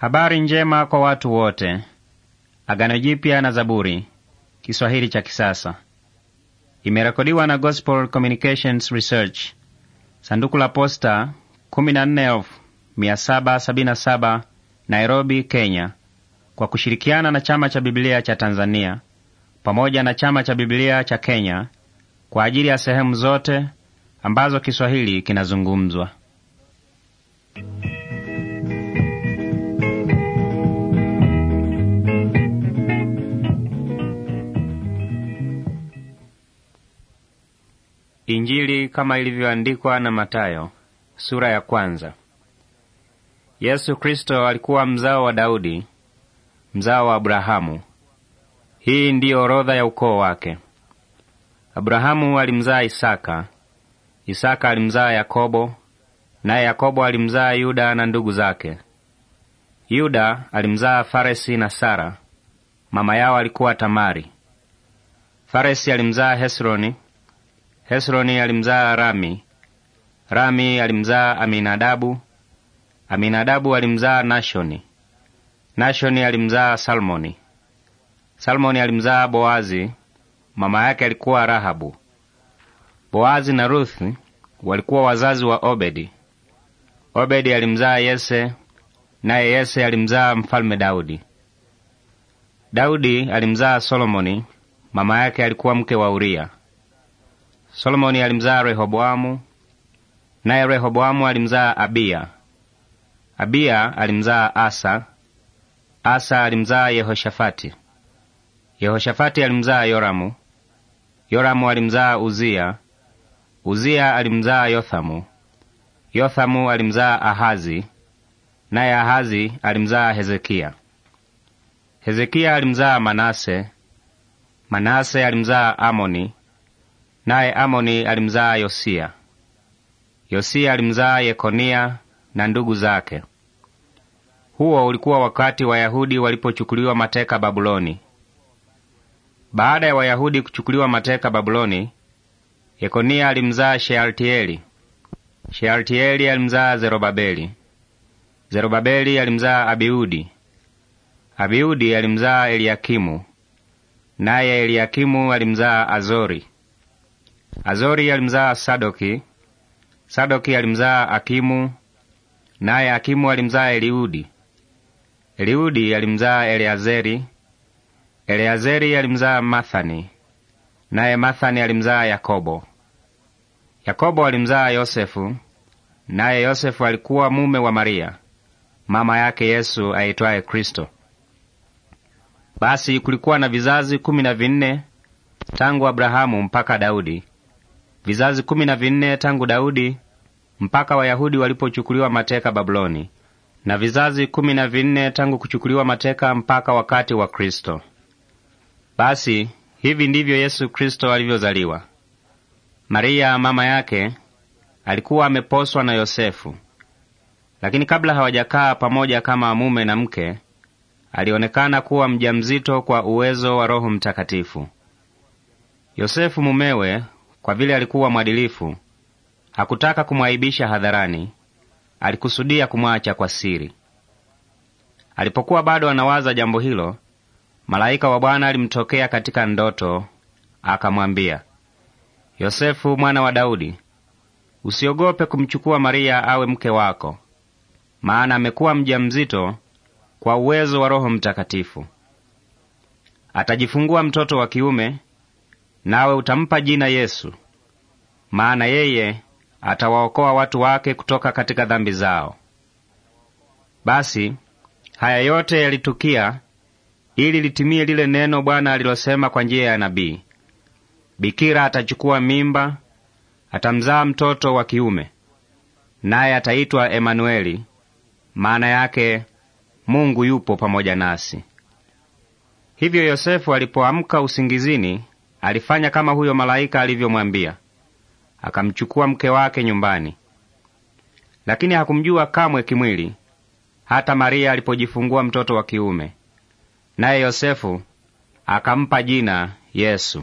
Habari njema kwa watu wote. Agano Jipya na Zaburi, Kiswahili cha kisasa. Imerekodiwa na Gospel Communications Research, sanduku la posta 14777 Nairobi, Kenya, kwa kushirikiana na Chama cha Biblia cha Tanzania pamoja na Chama cha Biblia cha Kenya kwa ajili ya sehemu zote ambazo Kiswahili kinazungumzwa. Injili kama ilivyoandikwa na Matayo sura ya kwanza. Yesu Kristo alikuwa mzao wa Daudi, mzao wa Abrahamu. Hii ndiyo orodha ya ukoo wake. Abrahamu alimzaa Isaka, Isaka alimzaa Yakobo, naye Yakobo alimzaa Yuda na ndugu zake. Yuda alimzaa Faresi na Sara, mama yao alikuwa Tamari. Faresi alimzaa Hesroni Hesroni alimzaa Rami, Rami alimzaa Aminadabu, Aminadabu alimzaa Nashoni, Nashoni alimzaa Salmoni, Salmoni alimzaa Boazi, mama yake alikuwa Rahabu. Boazi na Ruthi walikuwa wazazi wa Obedi. Obedi alimzaa Yese, naye Yese alimzaa mfalme Daudi. Daudi alimzaa Solomoni, mama yake alikuwa mke wa Uria. Solomoni alimzaa Rehoboamu, naye Rehoboamu alimzaa Abiya. Abiya alimzaa Asa. Asa alimzaa Yehoshafati. Yehoshafati alimzaa Yoramu. Yoramu alimzaa Uziya. Uziya alimzaa Yothamu. Yothamu alimzaa Ahazi, naye Ahazi alimzaa Hezekiya. Hezekiya alimzaa Manase. Manase alimzaa Amoni. Naye Amoni alimzaa Yosia. Yosia alimzaa Yekonia na ndugu zake. Huo ulikuwa wakati Wayahudi walipochukuliwa mateka Babuloni. Baada ya Wayahudi kuchukuliwa mateka Babuloni, Yekonia alimzaa Shealtieli. Shealtieli alimzaa Zerobabeli. Zerobabeli alimzaa Abiudi. Abiudi alimzaa Eliakimu, naye Eliakimu alimzaa Azori. Azori alimzaa Sadoki, Sadoki alimzaa Akimu, naye Akimu alimzaa Eliudi. Eliudi alimzaa Eleazeri, Eleazeri alimzaa Mathani, naye Mathani alimzaa Yakobo. Yakobo alimzaa Yosefu, naye Yosefu alikuwa mume wa Maria mama yake Yesu aitwaye Kristo. Basi kulikuwa na vizazi kumi na vinne tangu Abrahamu mpaka Daudi, vizazi kumi na vinne tangu Daudi mpaka Wayahudi walipochukuliwa mateka Babuloni, na vizazi kumi na vinne tangu kuchukuliwa mateka mpaka wakati wa Kristo. Basi hivi ndivyo Yesu Kristo alivyozaliwa. Maria mama yake alikuwa ameposwa na Yosefu, lakini kabla hawajakaa pamoja kama mume na mke, alionekana kuwa mjamzito kwa uwezo wa Roho Mtakatifu. Yosefu mumewe kwa vile alikuwa mwadilifu, hakutaka kumwaibisha hadharani, alikusudia kumwacha kwa siri. Alipokuwa bado anawaza jambo hilo, malaika wa Bwana alimtokea katika ndoto, akamwambia, Yosefu mwana wa Daudi, usiogope kumchukua Maria awe mke wako, maana amekuwa mjamzito kwa uwezo wa Roho Mtakatifu. Atajifungua mtoto wa kiume nawe utampa jina Yesu, maana yeye atawaokoa watu wake kutoka katika dhambi zao. Basi haya yote yalitukia ili litimie lile neno Bwana alilosema kwa njia ya nabii: bikira atachukua mimba, atamzaa mtoto wa kiume, naye ataitwa Emanueli, maana yake Mungu yupo pamoja nasi. Hivyo Yosefu alipoamka usingizini Alifanya kama huyo malaika alivyomwambia, akamchukua mke wake nyumbani, lakini hakumjua kamwe kimwili, hata Maria alipojifungua mtoto wa kiume, naye Yosefu akampa jina Yesu.